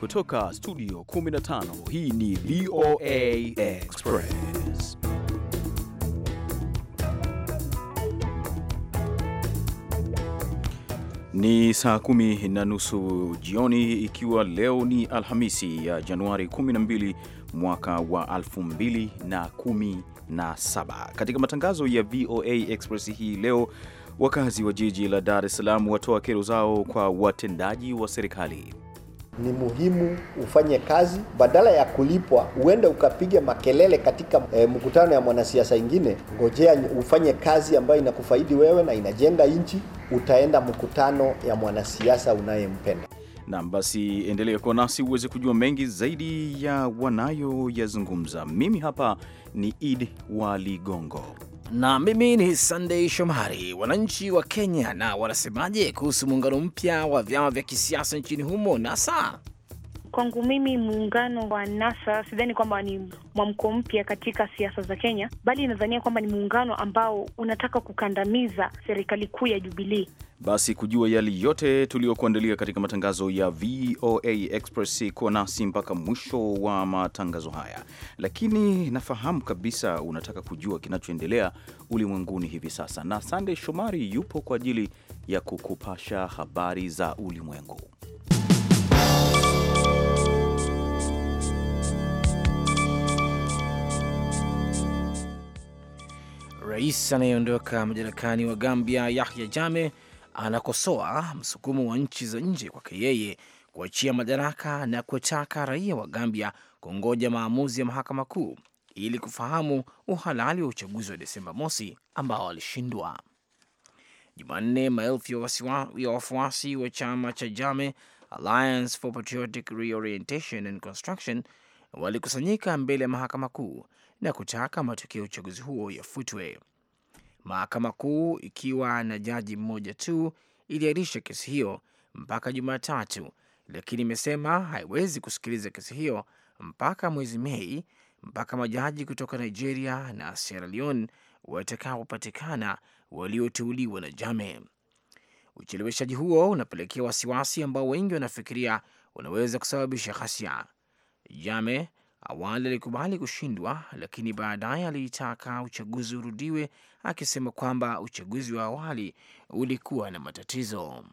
Kutoka studio 15 hii ni VOA Express. Ni saa kumi na nusu jioni, ikiwa leo ni Alhamisi ya Januari 12 mwaka wa 2017. Katika matangazo ya VOA Express hii leo, wakazi wa jiji la Dar es Salaam watoa kero zao kwa watendaji wa serikali ni muhimu ufanye kazi badala ya kulipwa, uende ukapiga makelele katika e, mkutano ya mwanasiasa ingine. Ngojea ufanye kazi ambayo inakufaidi wewe na inajenga nchi, utaenda mkutano ya mwanasiasa unayempenda. Nam basi, endelee kuwa nasi uweze kujua mengi zaidi ya wanayoyazungumza. Mimi hapa ni Idi wa Ligongo na mimi ni Sunday Shomari. Wananchi wa Kenya na wanasemaje kuhusu muungano mpya wa vyama vya kisiasa nchini humo? NASA Kwangu mimi muungano wa NASA sidhani kwamba ni mwamko mpya katika siasa za Kenya, bali nadhania kwamba ni muungano ambao unataka kukandamiza serikali kuu ya Jubilii. Basi kujua yale yote tuliyokuandalia katika matangazo ya VOA Express, kuwa nasi mpaka mwisho wa matangazo haya. Lakini nafahamu kabisa unataka kujua kinachoendelea ulimwenguni hivi sasa, na Sandey Shomari yupo kwa ajili ya kukupasha habari za ulimwengu. Rais anayeondoka madarakani wa Gambia Yahya jame anakosoa msukumo wa nchi za nje kwake yeye kuachia madaraka na kuwataka raia wa Gambia kungoja maamuzi ya mahakama kuu ili kufahamu uhalali wa uchaguzi wa Desemba mosi ambao alishindwa Jumanne, maelfu ya wafuasi wa chama cha Jame Alliance for Patriotic Reorientation and Construction walikusanyika mbele ya mahakama kuu na kutaka matokeo ya uchaguzi huo yafutwe. Mahakama Kuu ikiwa na jaji mmoja tu iliahirisha kesi hiyo mpaka Jumatatu, lakini imesema haiwezi kusikiliza kesi hiyo mpaka mwezi Mei mpaka majaji kutoka Nigeria na Sierra Leone watakaopatikana walioteuliwa na Jame. Ucheleweshaji huo unapelekea wasiwasi ambao wengi wanafikiria unaweza kusababisha ghasia. Jame Awali alikubali kushindwa, lakini baadaye aliitaka uchaguzi urudiwe, akisema kwamba uchaguzi wa awali ulikuwa na matatizo.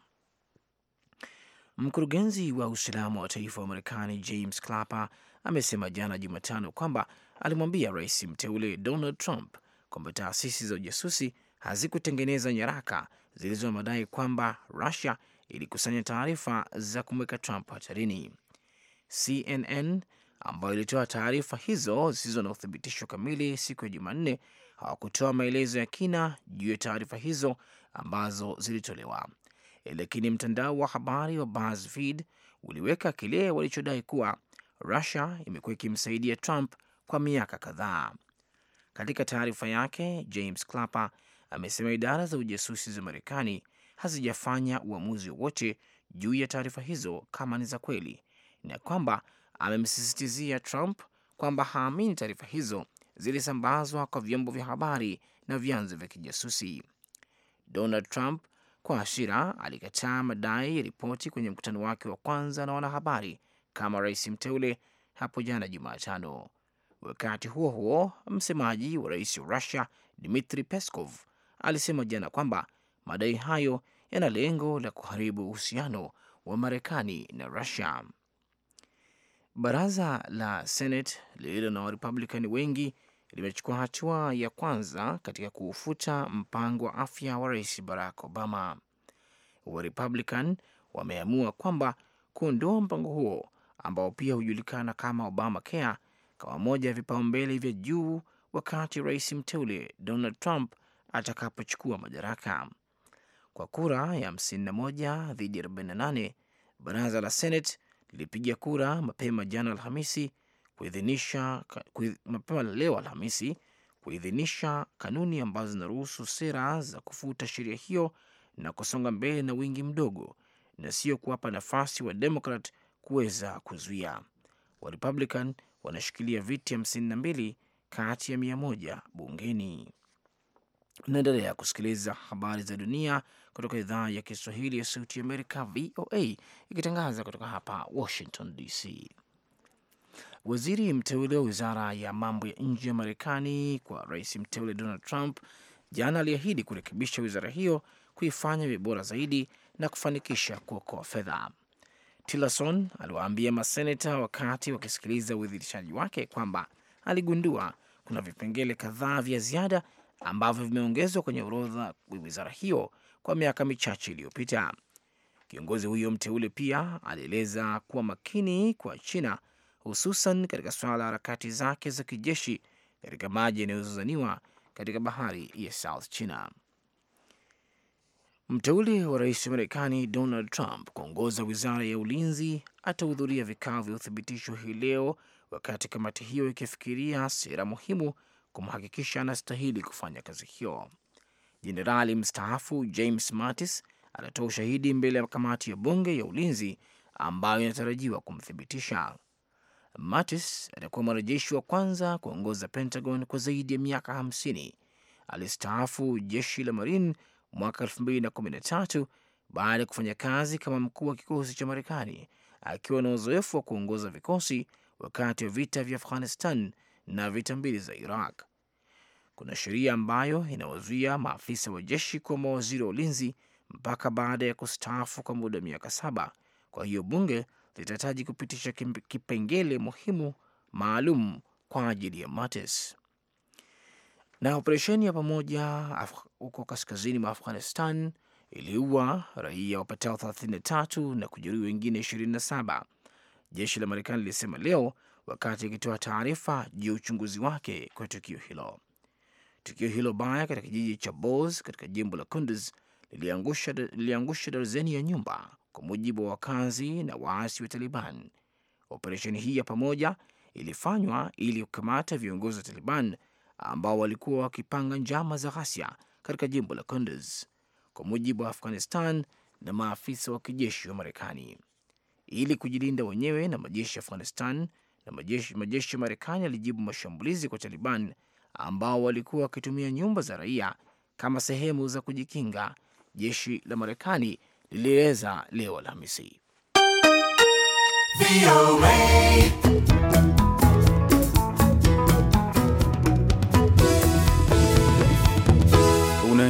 Mkurugenzi wa usalama wa taifa wa Marekani James Clapper amesema jana Jumatano kwamba alimwambia rais mteule Donald Trump kwamba taasisi za ujasusi hazikutengeneza nyaraka zilizo na madai kwamba Rusia ilikusanya taarifa za kumweka Trump hatarini. CNN ambayo ilitoa taarifa hizo zisizo na uthibitisho kamili siku ya Jumanne hawakutoa maelezo ya kina juu ya taarifa hizo ambazo zilitolewa, lakini mtandao wa habari wa BuzzFeed uliweka kile walichodai kuwa Rusia imekuwa ikimsaidia Trump kwa miaka kadhaa. Katika taarifa yake, James Clapper amesema idara za ujasusi za Marekani hazijafanya uamuzi wowote juu ya taarifa hizo kama ni za kweli na kwamba amemsisitizia Trump kwamba haamini taarifa hizo zilisambazwa kwa vyombo vya habari na vyanzo vya kijasusi. Donald Trump kwa ashira alikataa madai ya ripoti kwenye mkutano wake wa kwanza na wanahabari kama rais mteule hapo jana Jumatano. Wakati huo huo, msemaji wa rais wa rusia Dmitri Peskov alisema jana kwamba madai hayo yana lengo la kuharibu uhusiano wa Marekani na rusia Baraza la Senate lililo na Warepublikani wengi limechukua hatua ya kwanza katika kuufuta mpango wa afya wa Rais Barack Obama. Warepublican wameamua kwamba kuondoa mpango huo ambao pia hujulikana kama obama kea kama moja ya vipaumbele vya juu wakati rais mteule Donald Trump atakapochukua madaraka. Kwa kura ya 51 dhidi ya 48, baraza la Senate lilipiga kura mapema jana Alhamisi kuidhinisha mapema leo Alhamisi kuidhinisha kanuni ambazo zinaruhusu sera za kufuta sheria hiyo na kusonga mbele na wingi mdogo, na sio kuwapa nafasi wa Demokrat kuweza kuzuia. Wa Republican wanashikilia viti 52 kati ya mia moja bungeni. Unaendelea kusikiliza habari za dunia kutoka idhaa ya Kiswahili ya Sauti ya Amerika, VOA, ikitangaza kutoka hapa Washington DC. Waziri mteule wa wizara ya mambo ya nje ya Marekani kwa rais mteule Donald Trump jana aliahidi kurekebisha wizara hiyo, kuifanya iwe bora zaidi na kufanikisha kuokoa fedha. Tillerson aliwaambia maseneta wakati wakisikiliza uidhinishaji wake kwamba aligundua kuna vipengele kadhaa vya ziada ambavyo vimeongezwa kwenye orodha wa wizara hiyo kwa miaka michache iliyopita. Kiongozi huyo mteule pia alieleza kuwa makini kwa China, hususan katika suala la harakati zake za kijeshi katika maji yanayozozaniwa katika bahari ya South China. Mteule wa rais wa Marekani Donald Trump kuongoza wizara ya ulinzi atahudhuria vikao vya uthibitisho hii leo, wakati kamati hiyo ikifikiria sera muhimu kumhakikisha anastahili kufanya kazi hiyo. Jenerali mstaafu James Mattis atatoa ushahidi mbele ya kamati ya bunge ya ulinzi ambayo inatarajiwa kumthibitisha. Mattis atakuwa mwanajeshi wa kwanza kuongoza Pentagon kwa zaidi ya miaka 50 Alistaafu jeshi la Marine mwaka 2013 baada ya kufanya kazi kama mkuu wa kikosi cha Marekani, akiwa na uzoefu wa kuongoza vikosi wakati wa vita vya Afghanistan na vita mbili za Iraq kuna sheria ambayo inawazuia maafisa wa jeshi kuwa mawaziri wa ulinzi mpaka baada ya kustaafu kwa muda wa miaka saba. Kwa hiyo bunge litahitaji kupitisha kipengele muhimu maalum kwa ajili ya Mattis. Na operesheni ya pamoja huko kaskazini mwa Afghanistan iliua raia wapatao 33 na kujeruhi wengine 27, jeshi la Marekani lilisema leo, wakati ikitoa taarifa juu ya uchunguzi wake kwa tukio hilo. Tukio hilo baya katika kijiji cha Bos katika jimbo la Kunduz liliangusha, liliangusha darzeni ya nyumba kwa mujibu wa wakazi na waasi wa Taliban. Operesheni hii ya pamoja ilifanywa ili kukamata viongozi wa Taliban ambao walikuwa wakipanga njama za ghasia katika jimbo la Kunduz kwa mujibu wa Afghanistan na maafisa wa kijeshi wa Marekani. Ili kujilinda wenyewe na majeshi ya Afghanistan na majeshi ya Marekani yalijibu mashambulizi kwa Taliban ambao walikuwa wakitumia nyumba za raia kama sehemu za kujikinga, jeshi la Marekani lilieleza leo Alhamisi.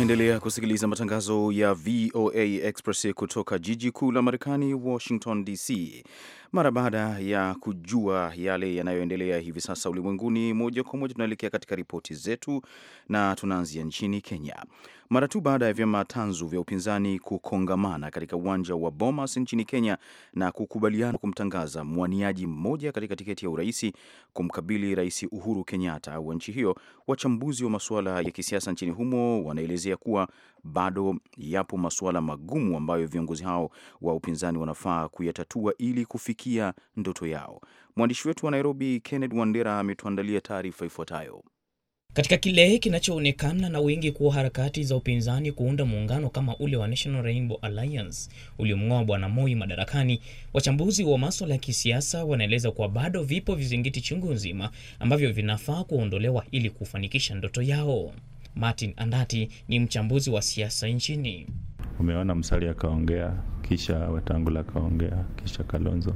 Unaendelea kusikiliza matangazo ya VOA Express kutoka jiji kuu la Marekani, Washington DC. Mara baada ya kujua yale yanayoendelea hivi sasa ulimwenguni, moja kwa moja tunaelekea katika ripoti zetu na tunaanzia nchini Kenya mara tu baada ya vyama tanzu vya upinzani kukongamana katika uwanja wa Bomas nchini Kenya na kukubaliana kumtangaza mwaniaji mmoja katika tiketi ya uraisi kumkabili Rais Uhuru Kenyatta wa nchi hiyo. Wachambuzi wa masuala ya kisiasa nchini humo wanaelezea kuwa bado yapo masuala magumu ambayo viongozi hao wa upinzani wanafaa kuyatatua ili kufikia ndoto yao. Mwandishi wetu wa Nairobi, Kenneth Wandera, ametuandalia taarifa ifuatayo katika kile kinachoonekana na wengi kuwa harakati za upinzani kuunda muungano kama ule wa National Rainbow Alliance uliomng'oa Bwana Moi madarakani, wachambuzi wa maswala ya kisiasa wanaeleza kuwa bado vipo vizingiti chungu nzima ambavyo vinafaa kuondolewa ili kufanikisha ndoto yao. Martin Andati ni mchambuzi wa siasa nchini. Umeona Msali akaongea, kisha Wetangula akaongea, kisha Kalonzo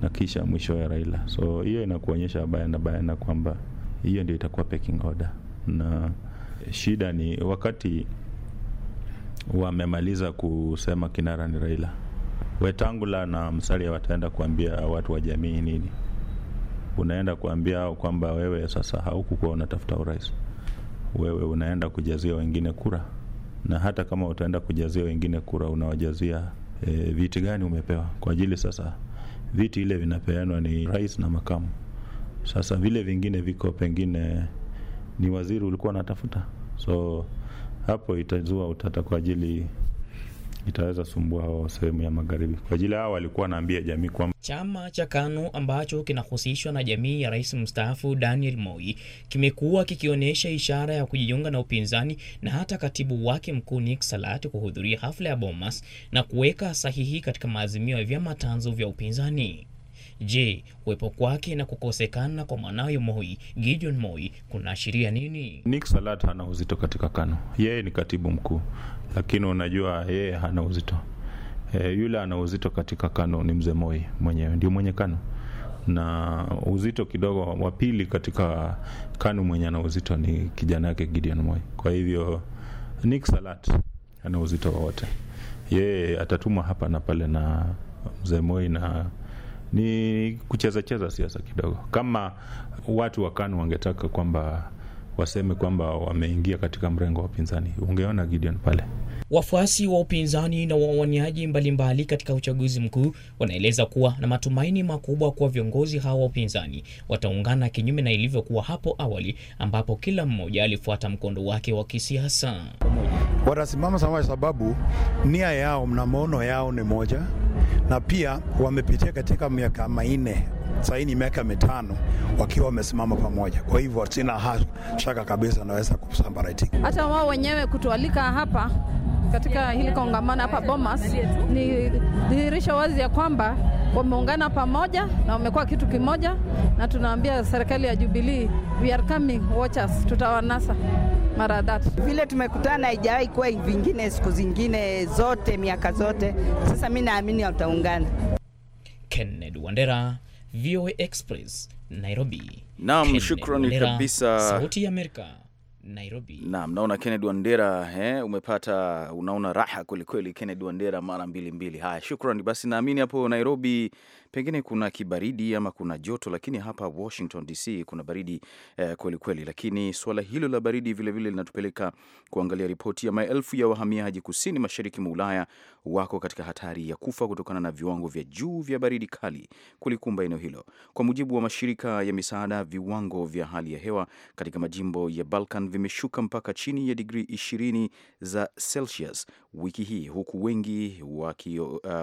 na kisha mwisho ya Raila. So hiyo inakuonyesha bayana bayana kwamba hiyo ndio itakuwa pecking order, na shida ni wakati wamemaliza kusema kinara ni Raila, Wetangula na Musalia wataenda kuambia watu wa jamii nini? Unaenda kuambia kwamba wewe sasa haukukuwa unatafuta urais, wewe unaenda kujazia wengine kura, na hata kama utaenda kujazia wengine kura, unawajazia e, viti gani umepewa? Kwa ajili sasa viti ile vinapeanwa ni rais na makamu sasa vile vingine viko pengine ni waziri ulikuwa unatafuta, so hapo itazua utata kwa ajili itaweza sumbua sehemu ya magharibi. Kwa ajili hao walikuwa naambia jamii kwa chama cha KANU ambacho kinahusishwa na jamii ya rais mstaafu Daniel Moi kimekuwa kikionyesha ishara ya kujiunga na upinzani, na hata katibu wake mkuu Nick Salat kuhudhuria hafla ya Bomas na kuweka sahihi katika maazimio ya vyama tanzu vya upinzani. Je, kuwepo kwake na kukosekana kwa mwanawe Moi Gideon Moi kunaashiria nini? Nick Salat hana uzito katika KANU, yeye ni katibu mkuu, lakini unajua yeye hana uzito e, yule ana uzito katika KANU ni mzee Moi mwenyewe, ndio mwenye KANU na uzito kidogo wa pili katika KANU mwenye ana uzito ni kijana yake Gideon Moi. Kwa hivyo Nick Salat ana uzito wowote, yeye atatumwa hapa na pale na mzee Moi na ni kucheza cheza siasa kidogo. Kama watu wa KANU wangetaka kwamba waseme kwamba wameingia katika mrengo wa upinzani. Ungeona Gideon pale wafuasi wa upinzani na wawaniaji mbalimbali katika uchaguzi mkuu wanaeleza kuwa na matumaini makubwa kuwa viongozi hawa wa upinzani wataungana, kinyume na ilivyokuwa hapo awali ambapo kila mmoja alifuata mkondo wake wa kisiasa. Watasimama sawa, sababu nia yao na maono yao ni moja, na pia wamepitia katika miaka minne saini miaka mitano wakiwa wamesimama pamoja. Kwa hivyo sina shaka kabisa naweza kusambaratika. Hata wao wenyewe kutualika hapa katika hili kongamano hapa Bomas ni dhihirisho wazi ya kwamba wameungana pamoja na wamekuwa kitu kimoja, na tunaambia serikali ya Jubilee, we are coming, watch us, tutawanasa mara dhati. Vile tumekutana haijawahi kuwa vingine siku zingine zote miaka zote. Sasa mi naamini wataungana. Kennedy Wandera, VOA Express Nairobi. Naam, shukrani kabisa. Sauti ya Amerika Nairobi. Naam, naona Kennedy Wandera eh, umepata unaona raha kwelikweli Kennedy Wandera mara mbili mbili. Haya, shukrani basi, naamini hapo Nairobi pengine kuna kibaridi ama kuna joto, lakini hapa Washington DC kuna baridi eh, kweli kweli. Lakini suala hilo la baridi vilevile linatupeleka kuangalia ripoti ya maelfu ya wahamiaji kusini mashariki mwa Ulaya wako katika hatari ya kufa kutokana na viwango vya juu vya baridi kali kulikumba eneo hilo. Kwa mujibu wa mashirika ya misaada, viwango vya hali ya hewa katika majimbo ya Balkan vimeshuka mpaka chini ya digrii 20 za Celsius wiki hii, huku wengi uh,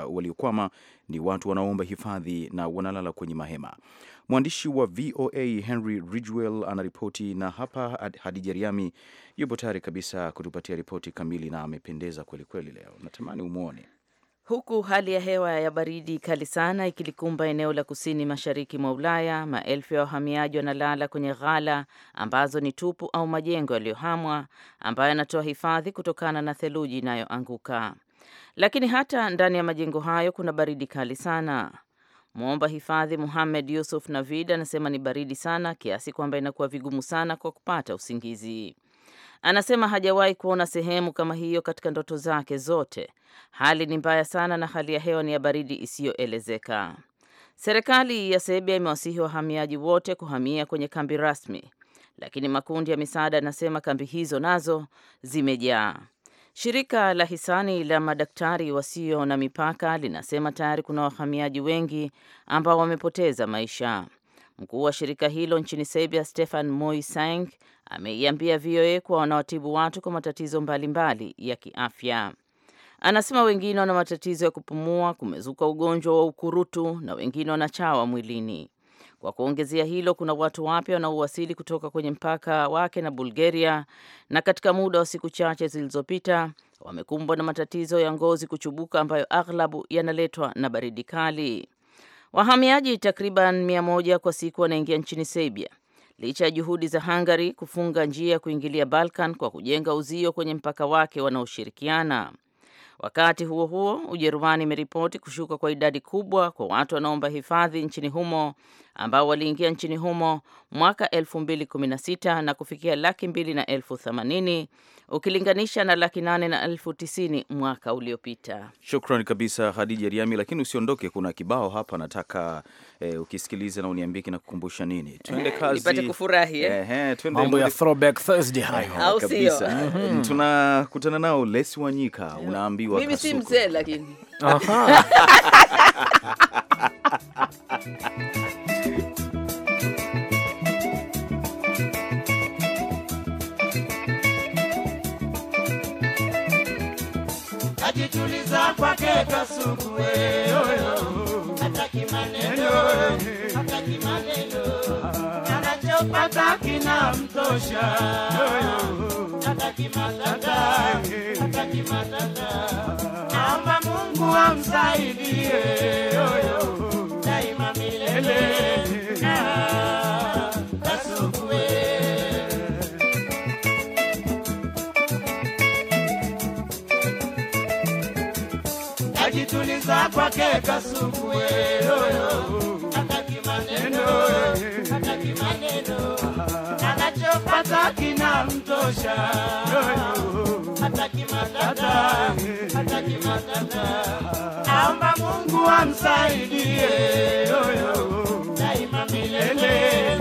waliokwama ni watu wanaoomba hifadhi na wanalala kwenye mahema. Mwandishi wa VOA Henry Ridgwell anaripoti, na hapa Hadija Riami yupo tayari kabisa kutupatia ripoti kamili, na amependeza kwelikweli leo, natamani umwone Huku hali ya hewa ya baridi kali sana ikilikumba eneo la kusini mashariki mwa Ulaya, maelfu ya wahamiaji wanalala kwenye ghala ambazo ni tupu au majengo yaliyohamwa ambayo yanatoa hifadhi kutokana na theluji inayoanguka lakini hata ndani ya majengo hayo kuna baridi kali sana. Mwomba hifadhi Muhamed Yusuf Navid anasema ni baridi sana kiasi kwamba inakuwa vigumu sana kwa kupata usingizi. Anasema hajawahi kuona sehemu kama hiyo katika ndoto zake zote. Hali ni mbaya sana na hali ya hewa ni ya baridi isiyoelezeka. Serikali ya Serbia imewasihi wahamiaji wote kuhamia kwenye kambi rasmi, lakini makundi ya misaada yanasema kambi hizo nazo zimejaa. Shirika la hisani la madaktari wasio na mipaka linasema tayari kuna wahamiaji wengi ambao wamepoteza maisha. Mkuu wa shirika hilo nchini Serbia, Stefan moisang ameiambia VOA kuwa wanawatibu watu kwa matatizo mbalimbali mbali ya kiafya. Anasema wengine wana matatizo ya kupumua, kumezuka ugonjwa wa ukurutu na wengine wanachawa mwilini. Kwa kuongezea hilo, kuna watu wapya wanaowasili kutoka kwenye mpaka wake na Bulgaria, na katika muda wa siku chache zilizopita wamekumbwa na matatizo ya ngozi kuchubuka, ambayo aghlabu yanaletwa na baridi kali. Wahamiaji takriban mia moja kwa siku wanaingia nchini Serbia licha ya juhudi za Hungary kufunga njia ya kuingilia Balkan kwa kujenga uzio kwenye mpaka wake wanaoshirikiana. Wakati huo huo, Ujerumani imeripoti kushuka kwa idadi kubwa kwa watu wanaomba hifadhi nchini humo ambao waliingia nchini humo mwaka 2016 na kufikia laki mbili na elfu themanini ukilinganisha na laki nane na elfu tisini mwaka uliopita. Shukran kabisa Hadija Riami, lakini usiondoke, kuna kibao hapa nataka eh, ukisikiliza na uniambie na kukumbusha nini. Eh, kazi nipate kufurahi eh, eh, mambo ya throwback Thursday hayo eh, au sio? Mhm. Eh, tunakutana nao Lesi Wanyika, unaambiwa mimi si mzee lakini aha Mungu wewe, hataki Naomba Mungu amsaidie daima milele kwake kasuku wewe anachopata kinamtosha hataki matata Mungu amsaidie daima milele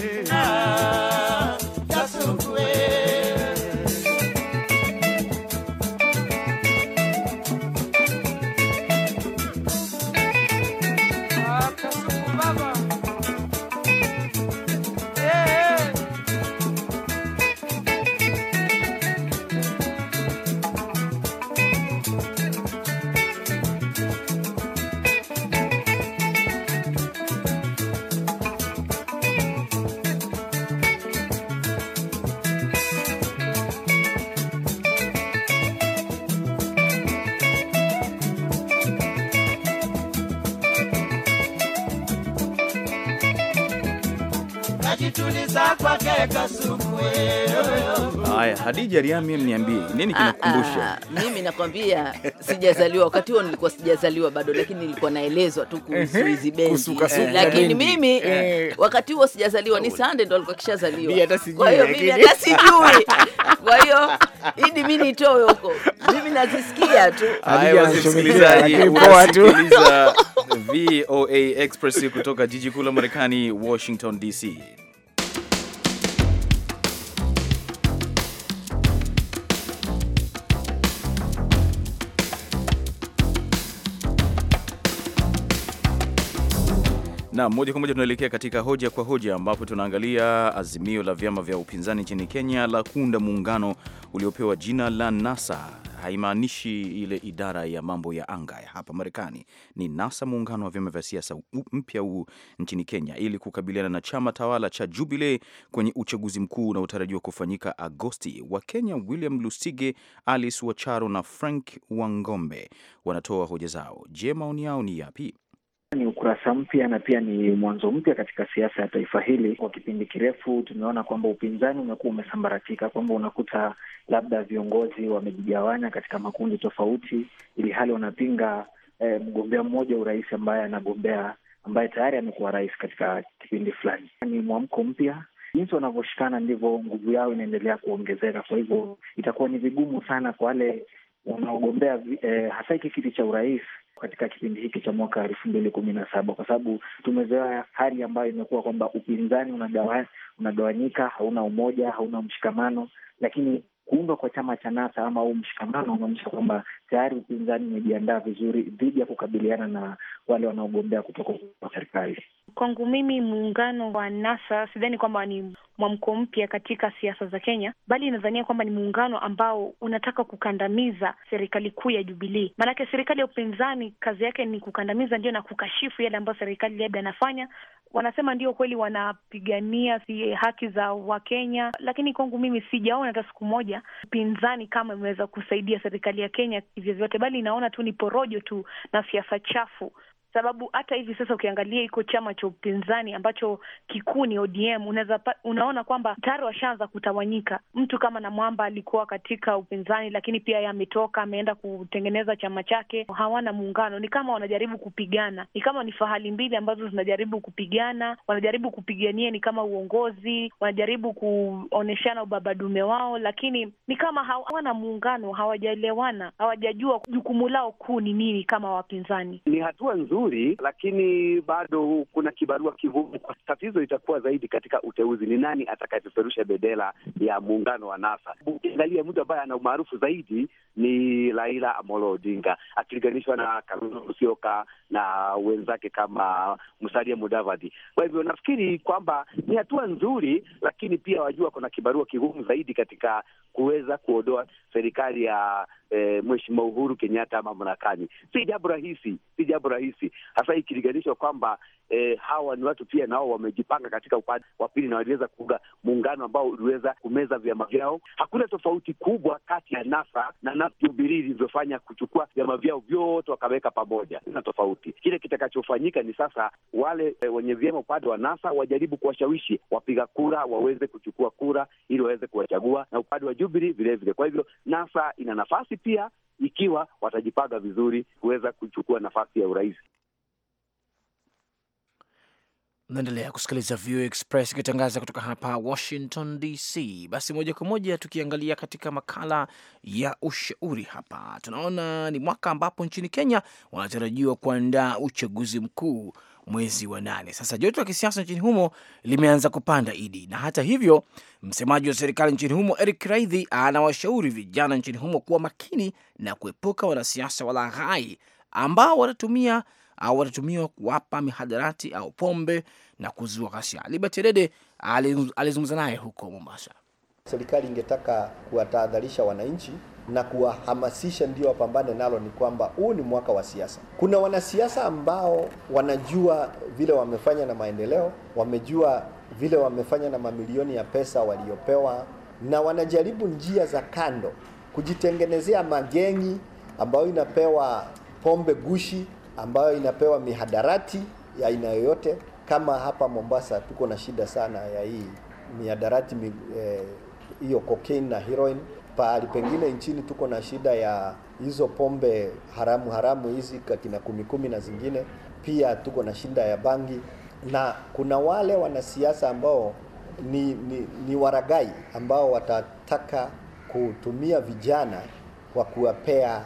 Haya, Hadija Riami, mniambie nini kinakukumbusha? Ah, ah, mimi nakwambia sijazaliwa wakati huo, nilikuwa sijazaliwa bado, lakini nilikuwa naelezwa tu kuhusu hizi bendi, lakini mimi eh, eh. wakati huo sijazaliwa, ni Sande ndo alikuwa kishazaliwa, kwa hiyo mimi hata sijui. Kwa hiyo idi mimi nitoe huko, mimi nazisikia tu. VOA Express kutoka jiji kuu la Marekani, Washington DC. Na moja kwa moja tunaelekea katika hoja kwa hoja, ambapo tunaangalia azimio la vyama vya upinzani nchini Kenya la kuunda muungano uliopewa jina la NASA. Haimaanishi ile idara ya mambo ya anga ya hapa Marekani, ni NASA, muungano wa vyama vya siasa mpya huu nchini Kenya, ili kukabiliana na chama tawala cha Jubilee kwenye uchaguzi mkuu unaotarajiwa kufanyika Agosti. Wakenya William Lusige, Alice Wacharo na Frank Wangombe wanatoa hoja zao. Je, maoni yao ni yapi? Ni ukurasa mpya na pia ni mwanzo mpya katika siasa ya taifa hili. Kwa kipindi kirefu tumeona kwamba upinzani umekuwa umesambaratika, kwamba unakuta labda viongozi wamejigawanya katika makundi tofauti, ili hali wanapinga eh, mgombea mmoja urais ambaye anagombea ambaye tayari amekuwa rais katika kipindi fulani. Ni mwamko mpya jinsi wanavyoshikana ndivyo nguvu yao inaendelea kuongezeka. Kwa hivyo itakuwa ni vigumu sana kwa wale wanaogombea eh, hasa hiki kiti cha urais katika kipindi hiki cha mwaka elfu mbili kumi na saba kwa sababu tumezoea hali ambayo imekuwa kwamba upinzani unagawanyika, hauna umoja, hauna mshikamano, lakini kuundwa kwa chama cha NASA ama huu mshikamano unaonyesha kwamba tayari upinzani umejiandaa vizuri dhidi ya kukabiliana na wale wanaogombea kutoka kwa serikali. Kwangu mimi, muungano wa NASA sidhani kwamba ni mwamko mpya katika siasa za Kenya, bali inadhania kwamba ni muungano ambao unataka kukandamiza serikali kuu ya Jubilii. Maanake serikali ya upinzani kazi yake ni kukandamiza, ndio, na kukashifu yale ambayo serikali labda anafanya. Wanasema ndio kweli wanapigania si haki za Wakenya, lakini kwangu mimi sijaona hata siku moja upinzani kama imeweza kusaidia serikali ya Kenya vyote, bali inaona tu ni porojo tu na siasa chafu sababu hata hivi sasa ukiangalia iko chama cha upinzani ambacho kikuu ni ODM, unaweza unaona kwamba tayari washaanza kutawanyika. Mtu kama Namwamba alikuwa katika upinzani, lakini pia yeye ametoka ameenda kutengeneza chama chake. Hawana muungano, ni kama wanajaribu kupigana, ni kama ni fahali mbili ambazo zinajaribu kupigana, wanajaribu kupigania ni kama uongozi, wanajaribu kuonyeshana ubabadume wao, lakini ni kama hawana muungano, hawajaelewana, hawajajua jukumu lao kuu ni nini kama wapinzani. Ni hatua nzuri vizuri, lakini bado kuna kibarua kigumu. Kwa tatizo litakuwa zaidi katika uteuzi, ni nani atakayepeperusha bendera ya muungano wa NASA. Ukiangalia mtu ambaye ana umaarufu zaidi ni Raila Amolo Odinga akilinganishwa na Kalonzo Musyoka na wenzake kama Musalia Mudavadi. Kwa hivyo nafikiri kwamba ni hatua nzuri, lakini pia wajua kuna kibarua kigumu zaidi katika kuweza kuondoa serikali ya e, Mheshimiwa Uhuru Kenyatta ama Si jambo rahisi, si jambo rahisi hasa ikilinganishwa kwamba e, hawa ni watu pia nao wamejipanga katika upande wa pili na waliweza kuunga muungano ambao uliweza kumeza vyama vyao. Hakuna tofauti kubwa kati ya NASA na NASA Jubilee ilivyofanya kuchukua vyama vyao vyote wakaweka pamoja, na tofauti kile kitakachofanyika ni sasa wale e, wenye vyama upande wa NASA wajaribu kuwashawishi wapiga kura waweze kuchukua kura ili waweze kuwachagua na upande wa Jubilee vilevile. Kwa hivyo NASA ina nafasi pia ikiwa watajipanga vizuri kuweza kuchukua nafasi ya urais. Naendelea kusikiliza VOA Express ikitangaza kutoka hapa Washington DC. Basi moja kwa moja tukiangalia katika makala ya ushauri hapa, tunaona ni mwaka ambapo nchini Kenya wanatarajiwa kuandaa uchaguzi mkuu mwezi wa nane. Sasa joto la kisiasa nchini humo limeanza kupanda idi, na hata hivyo, msemaji wa serikali nchini humo Eric raidhi anawashauri vijana nchini humo kuwa makini na kuepuka wanasiasa walaghai ambao wanatumia au watatumiwa kuwapa mihadarati au pombe na kuzua ghasia. Liberty Dede alizungumza naye huko Mombasa. Serikali ingetaka kuwatahadharisha wananchi na kuwahamasisha ndio wapambane nalo, ni kwamba huu ni mwaka wa siasa. Kuna wanasiasa ambao wanajua vile wamefanya na maendeleo, wamejua vile wamefanya na mamilioni ya pesa waliopewa, na wanajaribu njia za kando kujitengenezea magengi ambayo inapewa pombe gushi, ambayo inapewa mihadarati ya aina yoyote. Kama hapa Mombasa tuko na shida sana ya hii mihadarati eh, hiyo cocaine na heroin. Pahali pengine nchini tuko na shida ya hizo pombe haramu haramu hizi kakina kumi kumi na zingine, pia tuko na shida ya bangi, na kuna wale wanasiasa ambao ni, ni, ni waragai ambao watataka kutumia vijana kwa kuwapea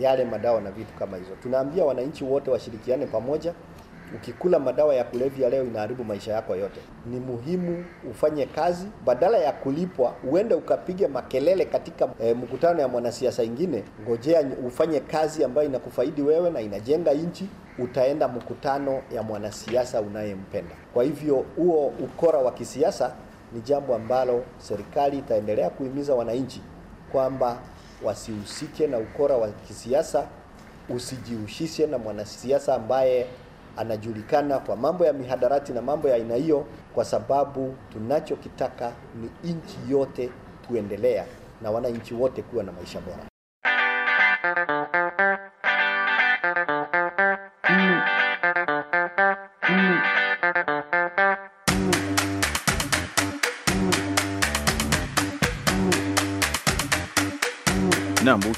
yale madawa na vitu kama hizo. Tunaambia wananchi wote washirikiane pamoja. Ukikula madawa ya kulevya leo inaharibu maisha yako yote. Ni muhimu ufanye kazi badala ya kulipwa, uende ukapiga makelele katika e, mkutano ya mwanasiasa ingine. Ngojea ufanye kazi ambayo inakufaidi wewe na inajenga nchi, utaenda mkutano ya mwanasiasa unayempenda. Kwa hivyo huo ukora wa kisiasa ni jambo ambalo serikali itaendelea kuhimiza wananchi kwamba wasihusike na ukora wa kisiasa, usijihusishe na mwanasiasa ambaye anajulikana kwa mambo ya mihadarati na mambo ya aina hiyo, kwa sababu tunachokitaka ni nchi yote kuendelea na wananchi wote kuwa na maisha bora.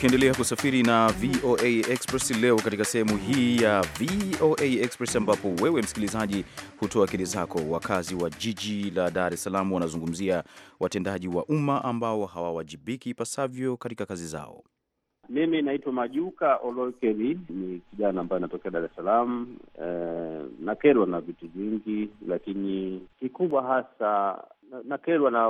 ukiendelea kusafiri na VOA Express leo katika sehemu hii ya VOA Express ambapo wewe msikilizaji hutoa akili zako. Wakazi wa jiji la Dar es Salaam wanazungumzia watendaji wa umma ambao hawawajibiki ipasavyo katika kazi zao. Mimi naitwa Majuka Olokeli, ni kijana ambaye anatokea Dar es Salaam. Eh, nakerwa na vitu vingi, lakini kikubwa hasa nakerwa na, na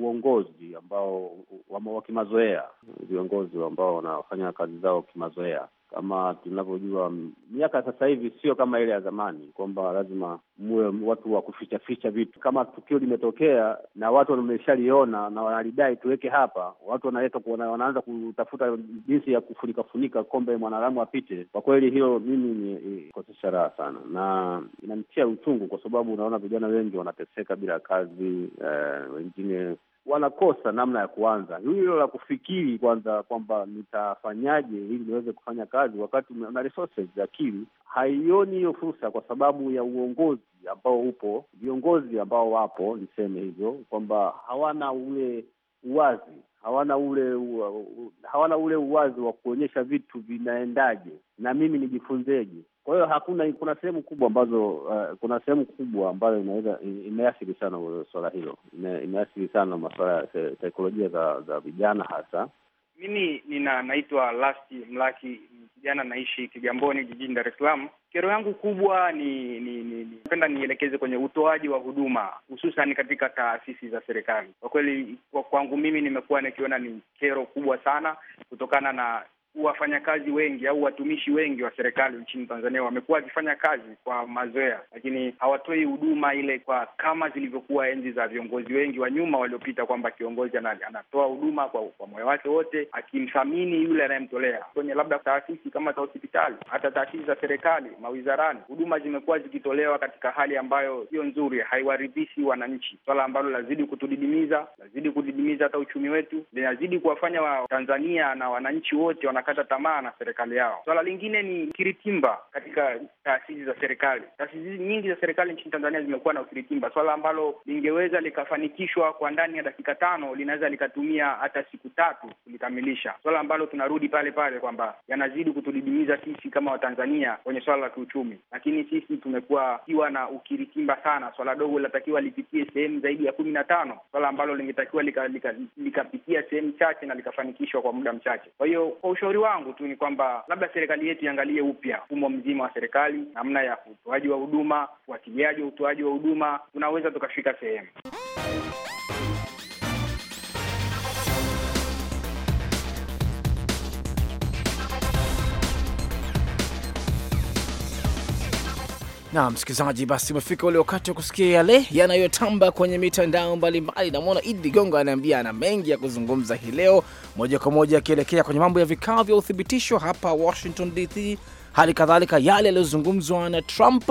uongozi ambao wamo wakimazoea, viongozi ambao wanafanya kazi zao kimazoea kama tunavyojua miaka sasa hivi sio kama ile ya zamani, kwamba lazima muwe watu wa kufichaficha vitu. Kama tukio limetokea na watu wameshaliona na wanalidai tuweke hapa, watu wanaleta kuona, wanaanza kutafuta jinsi ya kufunikafunika kombe mwanadamu apite. Kwa kweli, hiyo mimi ni kosesha raha sana na inanitia uchungu, kwa sababu unaona vijana wengi wanateseka bila kazi, eh, wengine wanakosa namna ya kuanza hilo la kufikiri kwanza kwamba nitafanyaje ili niweze kufanya kazi, wakati na resources akili haioni hiyo fursa, kwa sababu ya uongozi ambao upo, viongozi ambao wapo, niseme hivyo kwamba hawana ule uwazi hawana ule u, hawana ule uwazi wa kuonyesha vitu vinaendaje na mimi nijifunzeje. Kwa hiyo hakuna, kuna sehemu kubwa ambazo uh, kuna sehemu kubwa ambayo inaweza imeathiri sana swala hilo, imeathiri sana masuala ya saikolojia za za vijana hasa. Mimi nina naitwa Lasti Mlaki, kijana naishi Kigamboni jijini Dar es Salaam. Kero yangu kubwa ni napenda ni, ni, nielekeze kwenye utoaji wa huduma hususan katika taasisi za serikali. Kwa kweli, kwangu mimi nimekuwa nikiona ni kero kubwa sana kutokana na wafanyakazi wengi au watumishi wengi wa serikali nchini Tanzania wamekuwa wakifanya kazi kwa mazoea, lakini hawatoi huduma ile kwa kama zilivyokuwa enzi za viongozi wengi wa nyuma waliopita, kwamba kiongozi anatoa huduma kwa, kwa moyo wake wote, akimthamini yule anayemtolea kwenye labda taasisi kama za hospitali, hata taasisi za serikali, mawizarani. Huduma zimekuwa zikitolewa katika hali ambayo sio nzuri, haiwaridhishi wananchi, swala ambalo lazidi kutudidimiza, lazidi kudidimiza hata uchumi wetu, linazidi kuwafanya Watanzania na wananchi wote wana wanakata tamaa na serikali yao. Swala lingine ni kiritimba katika taasisi za serikali. Taasisi nyingi za serikali nchini Tanzania zimekuwa na ukiritimba, swala ambalo lingeweza likafanikishwa kwa ndani ya dakika tano linaweza likatumia hata siku tatu kulikamilisha, swala ambalo tunarudi pale pale kwamba yanazidi kutudidimiza sisi kama Watanzania kwenye swala la kiuchumi, lakini sisi tumekuwa kiwa na ukiritimba sana. Swala dogo linatakiwa lipitie sehemu zaidi ya kumi na tano, swala ambalo lingetakiwa likapitia lika, lika sehemu chache na likafanikishwa kwa muda mchache. Kwa hiyo kwa ushauri Ushauri wangu tu ni kwamba labda serikali yetu iangalie upya mfumo mzima wa serikali, namna ya utoaji wa huduma, ufuatiliaji wa utoaji wa huduma, tunaweza tukafika sehemu na msikilizaji, basi umefika ule wakati wa kusikia yale yanayotamba kwenye mitandao mbalimbali. Namwona Idi Ligongo anaambia ana mengi ya kuzungumza hii leo, moja kwa moja akielekea kwenye mambo ya vikao vya uthibitisho hapa Washington DC, hali kadhalika yale yaliyozungumzwa na Trump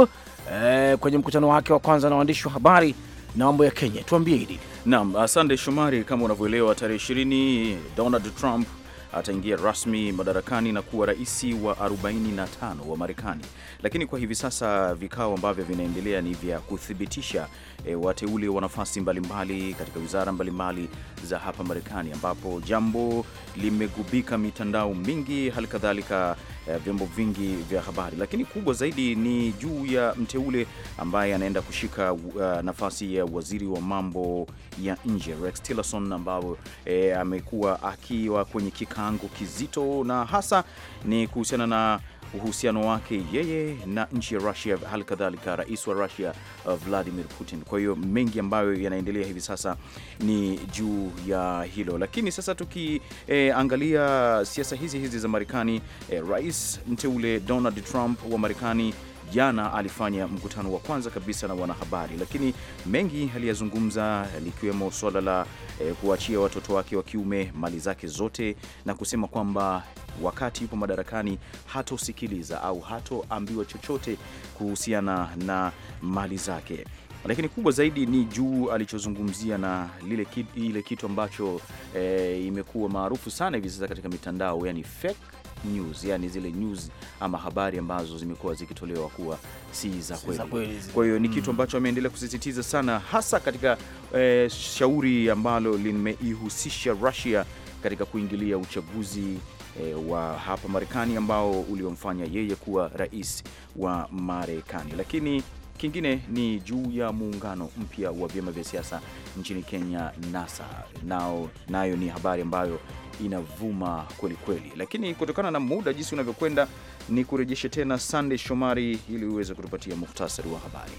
eh, kwenye mkutano wake wa kwanza na waandishi wa habari na mambo ya Kenya. Tuambie Idi. Naam, asante Shumari. Kama unavyoelewa, tarehe 20 Donald Trump ataingia rasmi madarakani na kuwa rais wa 45 wa Marekani. Lakini kwa hivi sasa vikao ambavyo vinaendelea ni vya kuthibitisha e, wateule wa nafasi mbalimbali katika wizara mbalimbali za hapa Marekani, ambapo jambo limegubika mitandao mingi, hali kadhalika e, vyombo vingi vya habari, lakini kubwa zaidi ni juu ya mteule ambaye anaenda kushika uh, nafasi ya waziri wa mambo ya nje Rex Tillerson, ambao e, eh, amekuwa akiwa kwenye kikango kizito, na hasa ni kuhusiana na uhusiano wake yeye na nchi ya Russia, hali kadhalika rais wa Russia eh, Vladimir Putin. Kwa hiyo mengi ambayo yanaendelea hivi sasa ni juu ya hilo, lakini sasa tukiangalia eh, e, siasa hizi hizi za Marekani e, rais mteule Donald Trump wa Marekani jana alifanya mkutano wa kwanza kabisa na wanahabari, lakini mengi aliyazungumza likiwemo swala la eh, kuachia watoto wake wa kiume mali zake zote na kusema kwamba wakati yupo madarakani hatosikiliza au hatoambiwa chochote kuhusiana na mali zake lakini kubwa zaidi ni juu alichozungumzia na lile ile kitu ambacho e, imekuwa maarufu sana hivi sasa katika mitandao, yani fake news, yani zile news ama habari ambazo zimekuwa zikitolewa kuwa si za kweli. Kwa hiyo ni kitu mm. ambacho ameendelea kusisitiza sana, hasa katika eh, shauri ambalo limeihusisha Russia katika kuingilia uchaguzi E, wa hapa Marekani ambao uliomfanya yeye kuwa rais wa Marekani. Lakini kingine ni juu ya muungano mpya wa vyama vya siasa nchini Kenya NASA. Nao nayo ni habari ambayo inavuma kwelikweli, lakini kutokana na muda jinsi unavyokwenda, ni kurejeshe tena Sandey Shomari ili uweze kutupatia muhtasari wa habari.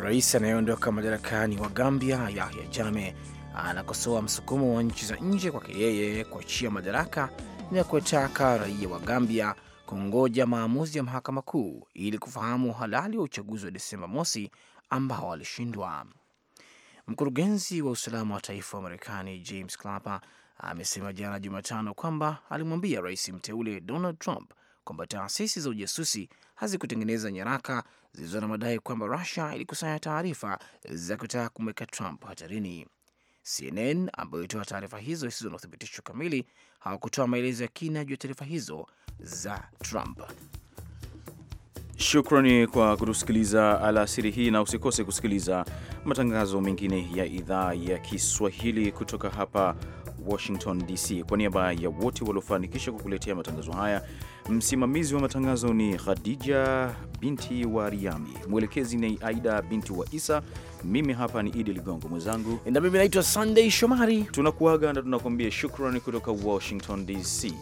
Rais anayeondoka madarakani wa Gambia Yahya Jammeh anakosoa msukumo wa nchi za nje kwake yeye kuachia madaraka na kuwataka raia wa Gambia kungoja maamuzi ya mahakama kuu ili kufahamu uhalali wa uchaguzi wa Desemba mosi ambao walishindwa. Mkurugenzi wa usalama wa taifa wa Marekani James Clapper amesema jana Jumatano kwamba alimwambia rais mteule Donald Trump kwamba taasisi za ujasusi hazikutengeneza nyaraka zilizo na madai kwamba Rusia ilikusanya taarifa za kutaka kumweka Trump hatarini. CNN ambayo ilitoa taarifa hizo zisizo na uthibitisho kamili hawakutoa maelezo ya kina juu ya taarifa hizo za Trump. Shukrani kwa kutusikiliza alasiri hii, na usikose kusikiliza matangazo mengine ya idhaa ya Kiswahili kutoka hapa Washington DC. Kwa niaba ya wote waliofanikisha kukuletea matangazo haya, msimamizi wa matangazo ni Khadija binti wa Riami, mwelekezi ni Aida binti wa Isa, mimi hapa ni Idi Ligongo mwenzangu, na mimi naitwa Sunday Shomari. Tunakuaga na tunakuambia shukrani kutoka Washington DC.